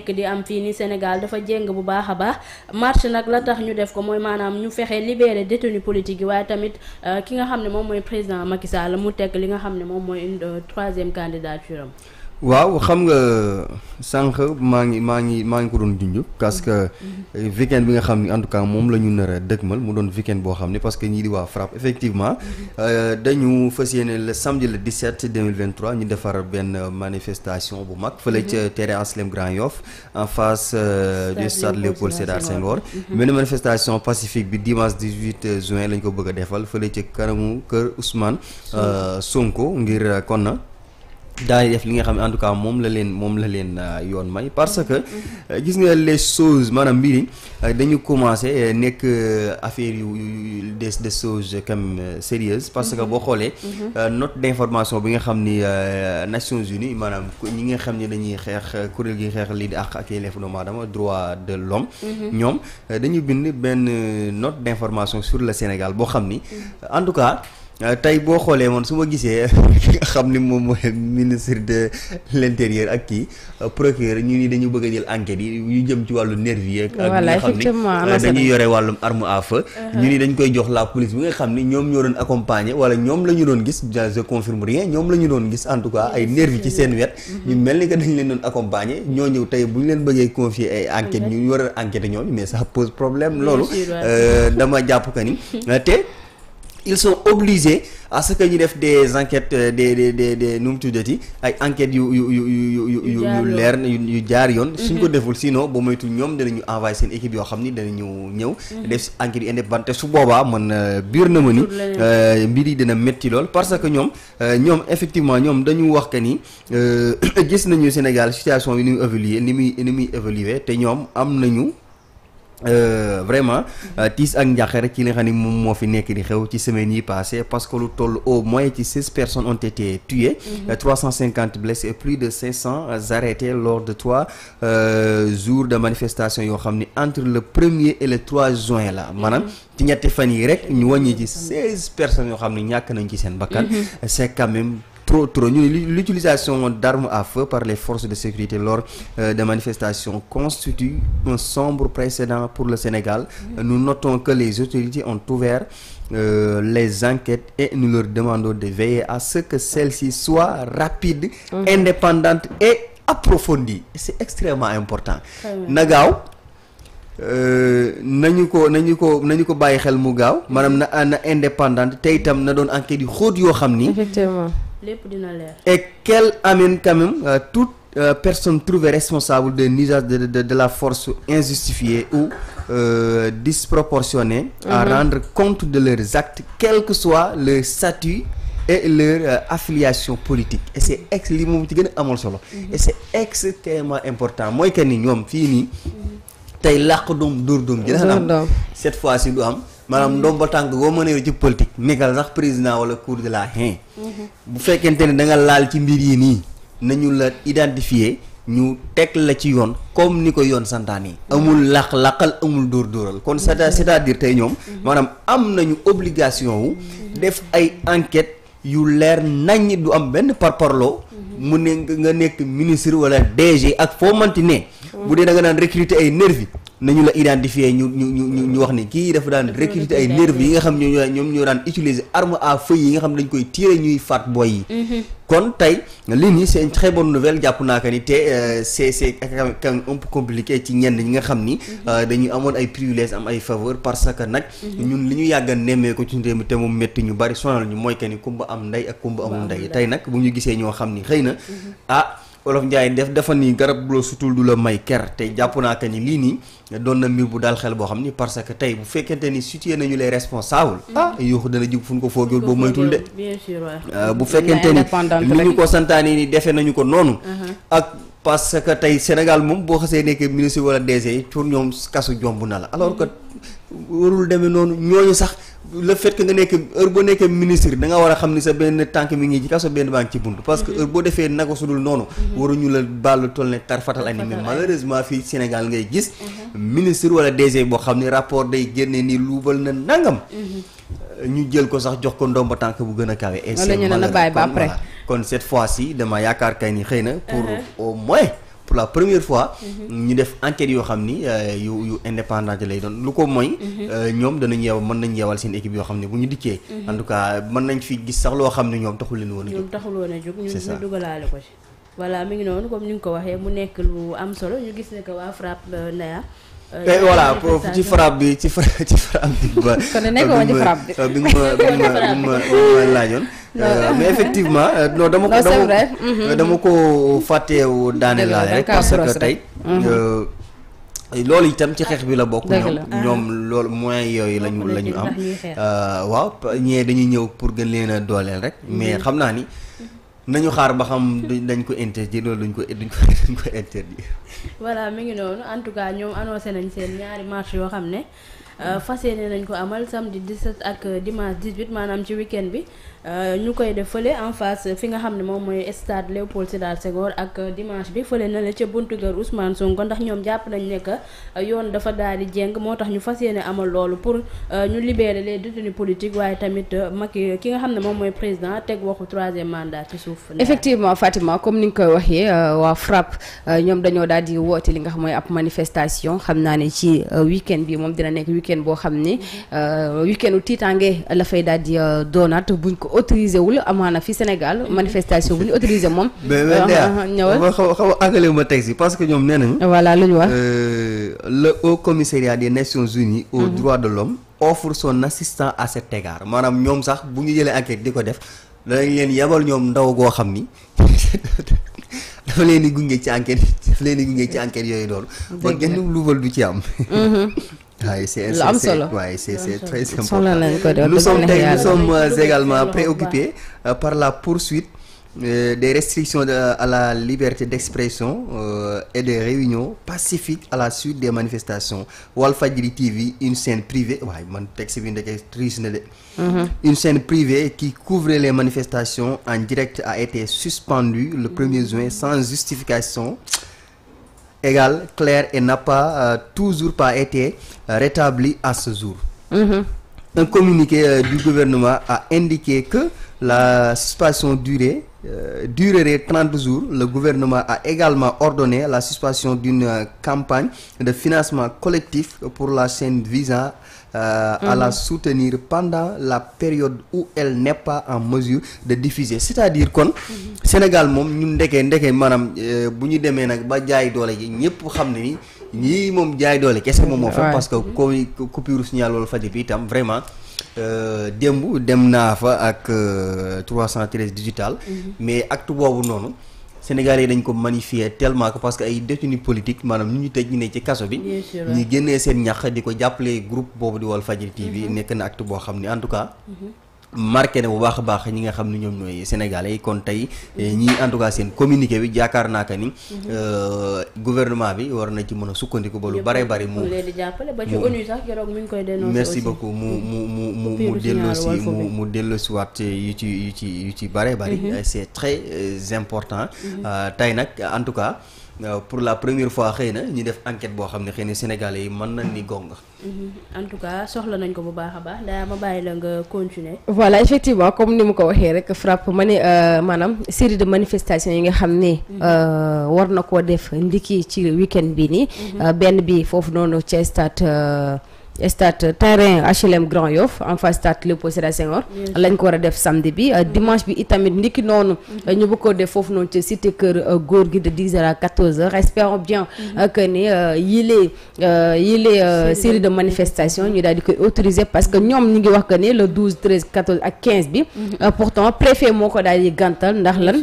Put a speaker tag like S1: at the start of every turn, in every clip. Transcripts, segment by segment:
S1: nekk di am fii ni Sénégal dafa jéng bu baax a baax marche nag la tax ñu def ko mooy maanaam ñu fexe libéré détenu politique yi waaye tamit euh, ki nga xam ne moom mooy président Macky Sall mu tekk li nga xam ne moom mooy une euh, troisième candidature am
S2: waaw xam nga sànq maa ngi maa ngi maa ngi ko doon junj parce que mhm. weekend bi nga xam ni en tout cas moom la ñu nar a dëgmal mu doon weekend boo xam ni parce que ñii di waa FRAPP effectivement mhm. euh, dañu fas yéene le samedi le 17 2023 ñu defar benn manifestation bu mag fële ca mhm. terrain Anselme Grand Yoff en face euh, du stade Léopold Sédar Senghor benn manifestation pacifique bi dimanche 18 juin lañ ko bëgg defal fële ca kanamu kër Ousmane Sonko euh, ngir kon na daal di def li nga xam ne en tout cas moom la leen moom la leen euh, yoon may parce que euh, gis nga les choses maanaam mbir yi euh, dañu commencé nekk affaire yu des des choses quand même parce que boo xoolee mhm. note d'information bi nga xam ni Nations Unies maanaam ñi nga xam ni dañuy xeex kuréel gi xeex lii di àq ak yelleefu doomu aadama droit de l'homme mhm. ñoom dañu bind benn note d'information sur le Sénégal boo xam ni mhm. en tout cas Euh, tey boo xoolee man su ma gisee xam ni moom mooy ministre de l'intérieur ak kii euh, procureur ñu ni dañu bëgg a jël enquête yi yu jëm ci wàllu nervi ak nga xam ni euh, dañuy yore wàllum arme à uh-huh. ñu nii dañ koy jox la police bi nga xam ni ñoom ñoo doon accompagner wala ñoom la ñu doon gis je confirme rien ñoom la ñu doon gis en tout cas ay nervi ci seen wet ñu mel ni que dañ leen doon accompagner ñoo tey bu ñu leen bëggee confier ay uh-huh. enquête ñu war a enquêter ñooñu mais ça pose problème loolu dama jàpp que ni te ils sont obligés à que ñu def des enquêtes euh, des des des des nu mu tuddati ay enquêtes yu yu yu yu yu yu leer yu jaar yoon. Mhm. suñ ko deful sinon bu moytu ñoom danañu envoyé seen équipe yoo xam ni danañu ñëw. Mhm. def enquête yu indépendante su boobaa man euh, biir na ma ni. Euh, mbir yi dina métti lool parce que ñoom ñoom effectivement ñoom dañu wax que ni gis nañu Sénégal situation bi ni muy évoluer ni muy ni muy évoluer te ñoom am nañu. Euh, vraiment euh, tiis ak njàqare ci li nga xam moom moo fi nekk di xew ci semaine yi passé parce que lu toll au moins ci seize personnes ont été tuées mhm. euh, trois cent cinquante blessés et plus de cinq cent arrêtés lors de trois euh, jours de manifestation yoo xam ni entre le premier et le trois juin la maanaam mhm. ci ñetti fan yi rek ñu wàññi ci seize personnes yoo xam ne ñàkk nañ ci seen bakkan mhm. c'est quand trop trop ñu ne l'utilisation d'armes à feu par les forces de sécurité lors euh, des manifestations constitue un sombre précédent pour le Sénégal nous notons que les autorités ont ouvert euh, les enquêtes et nous leur demandons de veiller à ce que celles-ci soient rapides mmh. indépendantes et approfondies c'est extrêmement important na gaaw euh, nañu ko nañu ko nañu ko bàyyi xel mu gaaw maanaam na na indépendante te itam na doon enquête yu xóot yoo xam ni
S3: lépp
S1: dina leer.
S2: et qu'elle amène quand même euh, toute euh, personne trouvée responsable de usage de, de de de la force injustifiée ou euh, disproportionnée. Mm -hmm. à mhm. rendre compte de leur actes quel que soit leur statut. et leur euh, affiliation politique et c'est ex li moom ci gën a amal solo. Mhm. et c'est extrêmement important mooy que ni ñoom fii nii. Mhm. tey làq doom dóor doom ji. dina am cette fois ci du am. maanaam ndomba tànk boo mënee ci politique nekkal sax président wala cour de la haine. Mhm. bu fekkente ne danga laal ci mbir yi nii nañu la identifier ñu teg la ci yoon comme ni ko yoon santaan yi amul laq-laqal amul dóor-dóoral kon c'est à mhm. c'est à tey ñoom. Mhm. maanaam am nañu obligation wu. def ay enquête yu leer naññ du am benn parparloo. mu ne nga nekk ministre wala DG ak foo manti ne. bu dee danga nga naan recruter ay nervi nañu la identifier ñu ñu ñu ñu wax ni kii dafa daan recruter ay nervi yi nga xam ñoo ñoom ñoo daan utiliser arme à feu yi nga xam dañ koy tirer ñuy faat boy yi mm-hmm. kon tey lii nii c'est une très bonne jàpp naa que ni te euh, c'est c'est ci ñenn ñi nga xam ni mm-hmm. euh, dañuy amoon ay privilèges am ay faveur parce que nag mm-hmm. ñun li ñu yàgg a nemmee ko ci réew te moom métti ñu bari sonal ñu mooy que ni kumba am ndey ak kumba amul ndey tey nag bu ñu gisee ñoo xam ni xëy na ah olof Ndiaye def dafa ni garab bu sutul du la may ker te jàpp naa que ni lii nii doon na mbir bu dal xel boo xam ni parce que tey bu fekkente ni situé nañu les responsables. Mm-hmm. ah yuuxu dana jug fu ñu ko foogeel boobu moytul de. bien euh, bu fekkente ni ñu ko santaane ni defe nañu ko noonu. Mm-hmm. ak. parce que tey Sénégal moom boo xasee nekkee ministre wala DG pour ñoom kasu jomb na la alors que warul deme noonu ñooñu sax le fait que nga nekk heure boo nekk ministre da nga war a xam ni sa benn tànk mi ngi ci kaso benn baa ngi ci bunt parce que mm-hmm. heure boo defee naka dul noonu mm-hmm. waruñu la bàllu toll ne tar fatal ani mais malheureusement fii Sénégal ngay gis mm-hmm. ministre wala DG boo xam ne rapport day génne ni luubal na nangam ñu jël ko sax jox ko ndomba tànk bu gën a kawe. et c'est malheureux kon cette fois ci dama yaakaar kay ni xëy na. pour uh-huh. au moins pour la première fois. Uh-huh. ñu def enquête yoo xam ni euh, yu yu indépendante lay doon lu ko mooy. Uh-huh. Euh, ñoom danañ yeew mën nañ yeewal seen équipe yoo xam ne bu ñu dikkee. en mën nañ fi gis sax loo xam ne ñoom taxul leen woon a
S1: jóg. ñoom a ñu dugalaale ko ci. voilà mi ngi noonu comme ni nga ko waxee mu nekk lu am solo ñu gis ne waa FRAPP euh, Ndeya. et voilà ci frappe
S2: bi ci ci bi ba. kon nekkoon ci frappe bi bi ma bi nga ma ma laajoon. mais effectivement non dama ko dama ko fàtteewu daane laale rek parce que tey. loolu itam ci xeex bi la bokk. ñoom ñoom loolu moyens yooyu la ñu la ñu am. waaw ñee dañuy ñëw pour gën leen a dooleel rek mais xam naa ni. nañu xaar ba xam dañ ko interdire loolu duñ ko duñ ko duñ ko interdire.
S1: voilà mi ngi noonu en tout cas ñoom annoncé nañ seen ñaari marche yoo xam ne. Euh, fas yéene nañ ko amal samedi 17 ak dimanche 18 maanaam ci week-end bi euh, ñu koy def fële en face fi nga xam ne moom mooy stade Léopold Sédar Senghor ak dimanche bi fële na la ca buntu kër Ousmane Sonko ndax ñoom jàpp nañ ne que euh, yoon dafa daal di jéng moo tax ñu fas yéene amal loolu pour ñu libérer les détenus politiques waaye tamit Macky ki nga xam ne moom mooy président teg waxu troisième mandat ci suuf.
S3: effectivement Fatima comme ni nga koy waxee waa FRAPP ñoom dañoo daal di woote li nga xam mooy ab manifestation xam naa ne ci bi moom dina nekk week-end boo xam ni euh, week-end u tiitaange la fay daal di euh, doonaat buñ ko autorisé wul amaana fi Sénégal mm-hmm. manifestation bu ñu autorisé moom. Ah, ñëwal mais
S2: xaw xaw àggale si parce que ñoom nee nañu. voilà lu ñu wax. Euh, le haut commissariat des Nations Unies aux mm-hmm. droits de l'homme offre son assistant à cet égard maanaam ñoom sax bu ñu jëlee enquête di ko def danañ leen yebal ñoom ndaw goo xam ni dafa leen gunge ci enquête dafa leen gunge ci enquête yooyu loolu. kon genn luubal du ci am. Mm-hmm. waaye c'est lu am c'est très important nous sommes euh, également préoccupés euh, par la poursuite euh, des restrictions à la liberté d'expression et des réunions pacifiques à la suite des manifestations Walfadjri TV une chaîne privée waaye man texte bi ndeke triis na de mm-hmm. une chaîne privée qui couvrait les manifestations en direct a été suspendue le 1 juin sans justification égale clair et n'a pas euh, toujours pas été euh, rétabli à ce jour. Mm-hmm. Un communiqué euh, du gouvernement a indiqué que la suspension durée euh, durerait 30 jours, le gouvernement a également ordonné la suspension d'une euh, campagne de financement collectif pour la chaîne visant euh, à la mhm. soutenir pendant la période où elle n'est pas en mesure de diffuser c'est-à-dire kon mmh. Sénégal moom ñun ndekee ndekee maanaam euh, bu ñu demee nag ba jaay doole ji ñëpp xam ne ni ñii moom jaay doole kese moom moo fa parce que mhm. comme coupure signal wala fajo bi itam vraiment Euh, démb dem naa fa ak 313 euh, digital. Mhm. mais acte boobu noonu. Sénégalais yi dañ ko manifier tellement que parce que ay détenus politique maanaam ñu ñu tëj ñu ne ci kaso bi. ñu génnee seen ñax di ko jàppale groupe boobu di Walfadjri TV. Mhm. nekk na actu boo xam ne en tout cas. Mhm. marqué na bu baax baax ñi nga xam ne ñoom ñooy sénégalais yi kon tey eh, ñii en tout cas seen communiqué bi jaakaar naa ka ni mhm. euh, gouvernement bi war na ci mun a sukkandiku ba lu bare bari mu merci beaucoup mm. mu mu mu mu mu delloosi mu mu delloosiwaat yu ci yu ci yu ci bare bari mhm. eh, c'est très euh, important mhm. euh, tey nag en tout cas pour la première fois xëy na ñu def enquête boo xam ne xëy na sénégalais yi mën na ni gong.
S1: Mm-hmm. en tout cas soxla nañ ko bu baax a baax daa ma bàyyi la nga continuer.
S3: voilà effectivement comme ni mu ko waxee rek FRAPP ma ne euh, maanaam série de manifestation yi nga xam ne. Mm-hmm. Euh, war na koo def ndiki ci week-end bi nii. Mm-hmm. Euh, benn bi foofu noonu ci stade. stade terrain HLM Grand Yoff en face stade Léopold Sédar Senghor lañ ko war a def samedi bi euh, dimanche bi itamit ndiki noonu mhm. ñu bëgg ko def foofu noonu ci cité kër euh, góor gi de 10h à 14h espérons bien mhm. euh, que ni yilee yilee série de manifestation ñu daal di koy autoriser parce que ñoom ñu ngi wax que ni le 12 13 14 ak 15 bi mhm. pourtant préfet moo ko daal di gàntal ndax lan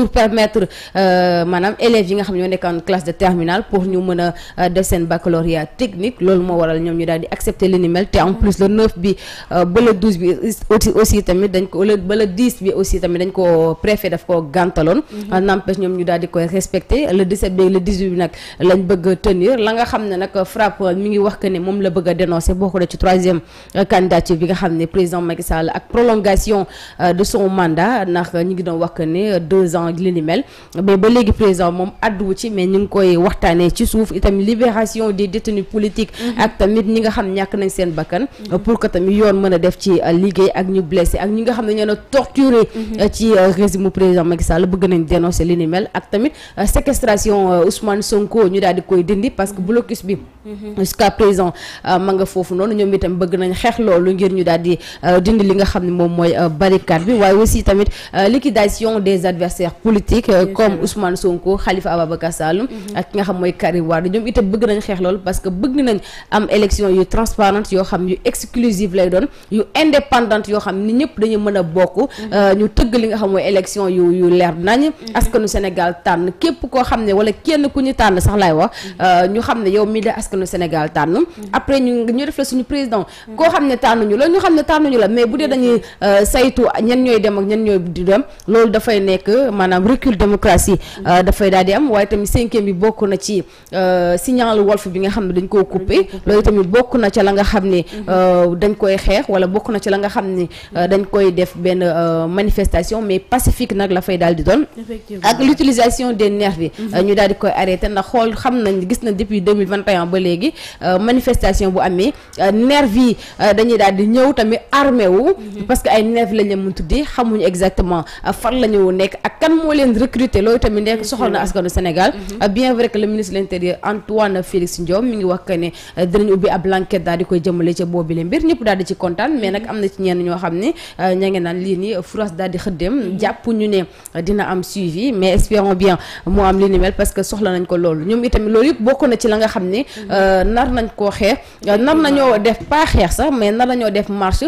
S3: pour permettre euh, maanaam élèves yi nga xam ne ñoo classe de terminale pour ñu mën a euh, def seen baccalauréat technique loolu moo waral ñoom ñu daal di accepter te en plus le 9 bi euh, aussi tamit dañ ko ba le 10 bi aussi tamit dañ ko préfet daf ko gàntaloon mhm. n'empêche ñoom ñu daal koy respecter le 17 bi nag lañ bëgg tenir la nga xam ne nag frappe mi ngi wax que ne moom la bëgg dénoncer boo ko def ci troisième candidature bi nga xam ne président ak li ni mel mais ba léegi président moom àdduwu ci mais ñu ngi koy waxtaanee ci suuf itam libération des détenus politiques mm-hmm. ak tamit ñi nga xam mm-hmm. a euh, ne ñoo na mm-hmm. euh, ci euh, régime président Macky bëgg nañ dénoncer li mel ak tamit séquestration Ousmane Sonko ñu daal koy dindi parce que blocus bi jusqu'à présent ma nga foofu noonu ñoom itam bëgg nañ xeex loolu ngir ñu daal dindi li nga xam ne moom mooy barricade bi waaye aussi tamit liquidation des adversaires adversaire politique euh, comme Ousmane Sonko Khalifa Ababacar Saloum mhm. ak ki nga xam mooy Karim Wade ñoom itam bëgg nañ xeex loolu parce que bëgg nañ am élection yu transparente yoo xam yu lay doon yu yoo xam ni ñëpp dañu mën a bokk mhm. euh, ñu tëgg li nga xam mooy élection yu yu leer nañ mhm. askanu senegal tànn képp koo xam ne wala kenn ku ñu tànn sax laay wax euh, ñu xam ne yow mii la askanu Sénégal tànn après ñu ñu def la suñu président koo xam ne tànn ñu la ñu xam ne tànn ñu la mais bu dee dañuy saytu ñan ñooy dem ak ñen ñooy di dem loolu dafay nekk maanaam recul démocratie euh, dafay daal di am waaye tamit cinquième bi bokk na ci euh, signal Walf bi nga xam ne dañ koo coupé loolu tamit na ca la nga xam ne mhm. euh, dañ koy xeex wala bokk na ci la nga xam ne dañ koy def benn manifestation mais pacifique nag la fay dal di doon ak l'utilisation des nervis mhm. ñu daal di koy arrêté ndax xool xam nañ gis na depuis 2021 ba léegi manifestation bu amee nervis dañuy daal di ñëw tamit armé wu mhm. parce que ay nervis lañ leen mun tuddee xamuñu exactement fan la ñu nekk kan moo leen recruter loolu tamit nekk soxal na askanu Sénégal mm-hmm. euh, bien vrai que le ministre de l'intérieur Antoine Félix Ndiome mi ngi wax que ne euh, dinañ ubbi ab enquête daal di koy jëmale ca boobu le mbir ñëpp daal di ci kontaan mais nag am na ci ñenn ñoo xam ne euh, ña mm-hmm. am suivi mais espérons moo am parce que soxla nañ ko loolu ñoom itamit loolu yëpp bokk na ci la nga xam ne mm-hmm. nar nañ koo xeex nar nañoo def pas xeex sax mais nar nañoo def marche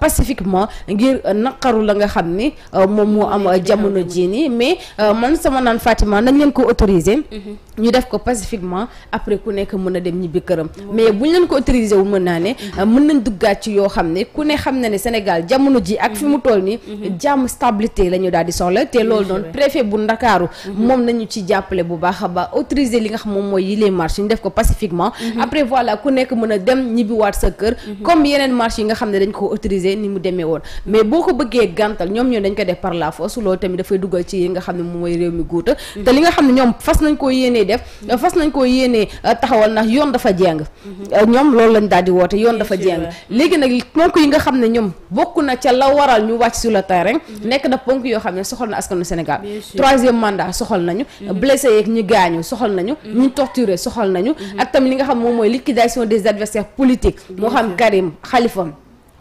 S3: pacifiquement ngir naqaru la nga xam ni moom moo am jamono jii nii mais euh, man sama naan Fatima nañ leen ko autoriser. Mhm. ñu def ko pacifiquement après ku nekk mën a dem ñibbi këram. mais buñ leen ko autorisé wu mën naa ne. Euh, mën nañ ci yoo xam ne ku ne xam na ne Sénégal jamono ji ak fi mu mhm. toll nii. Mhm. jàmm stabilité la ñu daal di soxla te loolu noonu préfet bu Ndakaaru. moom nañu ci jàppale li nga xam moom mooy yilee marche ñu def ko pacifiquement. a dem ñibbiwaat sa kër. comme yeneen marche yi nga xam ne dañ ko autorisé ni mu demee woon mais boo ko bëggee gàntal ñoom ñoo dañ ko def par la force loolu tamit dafay duggal ci yi nga xam ne moom mooy réew mi guuta mm-hmm. te li nga xam ne ñoom fas nañ koo yéenee def mm-hmm. fas nañ koo yéenee euh, taxawal ndax yoon dafa jeng mm-hmm. euh, ñoom loolu lañ daal di woote yoon dafa jeng léegi nag ponk yi nga xam ne ñoom bokk na ca la waral ñu wàcc sur le terrain nekk na ponk yoo xam ne soxal na askanu Sénégal troisième mandat soxal nañu blessé yeeg ñi gaañu soxal nañu ñu torturé soxal nañu ak tamit li nga xam moom mooy liquidation des adversaires politiques moo xam Karim Khalifa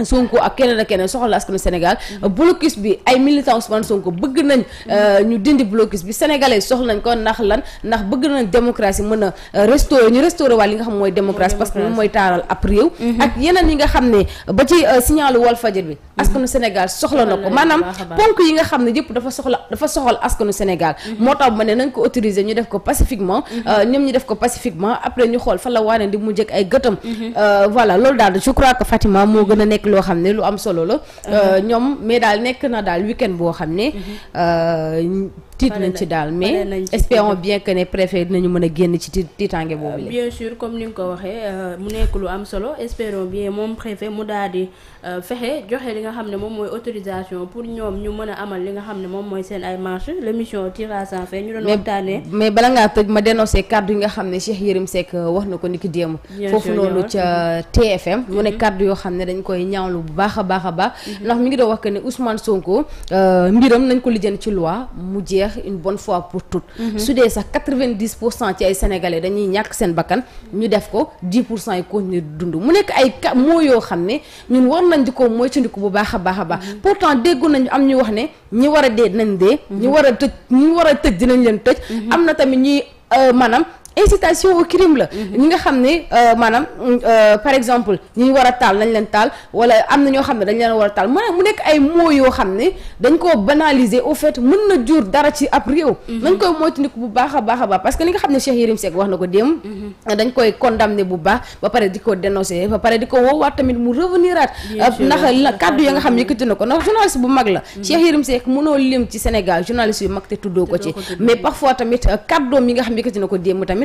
S3: Sonko ak keneen ak keneen soxla askanu Sénégal blocus bi ay militants Ousmane Sonko bëgg nañ euh, ñu dindi blocus bi sénégalais soxla nañ ko ndax lan ndax bëgg nañ démocratie mën a euh, restaurer ñu restaurer waat li nga xam mooy démocratie parce que moom mooy taaral ab réew mhm. ak yeneen yi nga xam ne ba ci euh, signalu Walfadjri bi mhm. askanu Sénégal soxla na ko maanaam ponk yi nga xam ne yëpp dafa soxla dafa soxal askanu Sénégal mhm. moo tax ma ne nañ ko autoriser ñu def ko pacifiquement ñoom ñu def ko pacifiquement après ñu xool fa la waane di mu jëkk ay gëtam voilà loolu daal a nekk loo xam ne lu am solo la. Uh-huh. Euh, ñoom mais daal nekk na daal weekend boo xam ne. Mm-hmm. Euh, tiit nañ ci daal mais espérons bien que ne préfet dinañu mën a génn ci tiitaange boobu
S1: euh, la. comme ni nga ko waxee euh, mu nekk lu am solo espérons bien moom préfet mu daal euh, fexe joxe li nga xam ne moom mooy autorisation pour ñoom ñu mën a amal li nga xam ne moom mooy seen ay marche l'émission Tir à sa fin ñu doon waxtaanee.
S3: mais bala ngaa tëj ma dénoncé kàddu yi nga xam ne Cheikh Yérim Seck wax na ko ni ki démb. foofu noonu ca TFM. mu ne mhm. kàddu yoo xam ne dañ koy ñaawlu bu baax a baax a baax. Mhm. ndax mu ngi doon wax que ne Ousmane Sonko mbiram nañ ko lijjanti ci loi mu jeex une bonne fois pour toutes. Mhm. su dee sax quatre-vingt-dix pour cent ci ay sénégalais dañuy ñàkk seen bakkan ñu def ko dix pour cent yi continuer dund mu nekk ay ka moo yoo xam ne ñun war nañ di ko moytandiku bu baax a baax a baax mhm. pourtant déggu nañu am ñu wax ne ñi war a dee dinañ dee. Mhm. ñi war a tëj ñi war a tëj dinañ leen tëj. am na tamit ñi euh, maanaam insitation au crime la. Mhm. ñi nga xam ne euh, maanaam euh, par exemple ñi war a taal nañ leen taal wala am na ñoo xam ne dañ leen war a taal mu nekk ay mots yoo xam ne dañ koo banaliser au fait mën na jur dara ci ab réew. Mhm. nañ koy moytandiku bu baax a baax a baax parce que li nga xam ne Cheikh Yérim Seck wax na ko démb. Mhm. dañ koy condamner bu baax ba pare di ko dénoncer ba pare di ko woowaat tamit mu reveniraat euh, ndax la kaddu ya nga xam yëkkati na ko ndax journaliste bu mag la. ci Sénégal journaliste yu mag te tuddoo ko ci mais tamit kaddoom nga xam yëkkati na ko démb tamit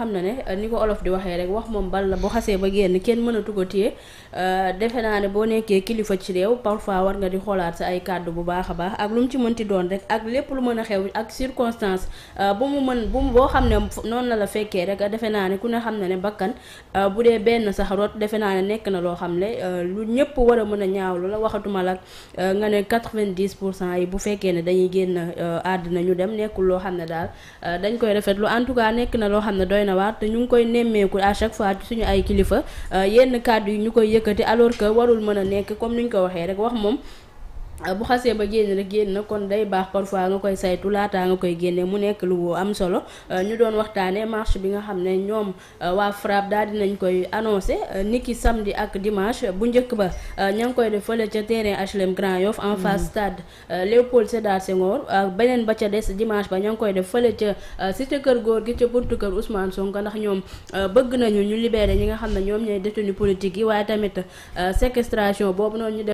S1: xam na ne ni ko olof di waxee rek wax moom bal la bu xasee ba génn kenn mënatu ko téye Euh, defe naa ne boo nekkee kilifa ci réew parfois war nga di xoolaat sa ay kàddu bu baax a baax ak lu mu ci mënti doon rek ak lépp lu mën a xew ak circonstance euh, bu mu mën bu boo xam ne noonu na la fekkee rek defe naa ne ku ne xam na ne bakkan euh, bu dee benn sax defe naa ne nekk na loo xam ne lu ñëpp war a mën a ñaawlu la waxatuma la nga ne quatre vingt pour cent yi bu fekkee ne dañuy génn àddina dem nekkul loo xam ne daal dañ koy rafetlu en tout cas nekk na loo xam ne doy na waar te ñu ngi koy nemmeeku à chaque fois ci suñu ay kilifa yenn kàddu yi ñu koy yëkkati alors que warul mën a nekk comme ni ñu ko waxee rek wax moom Ah, bu xasee ba génn rek génn na kon day baax parfois nga koy saytu laataa nga koy génne mu nekk lu am solo ah, ñu doon waxtaanee marche bi nga xam ne ñoom ah, waa FRAPP daal dinañ koy annoncé niki samedi ak dimanche bu njëkk ba ña ngi koy def fële ca terrain HLM Grand Yoff en mm-hmm. face stade Léopold Sédar Senghor beneen ba ca des dimanche ba ña ngi koy def fële ca cité kër góor gi ca buntu kër Ousmane Sonko ndax ñoom bëgg nañu ñu libéré ñi nga xam ne ñoom ñooy détenu politique yi waaye tamit séquestration boobu noonu ñu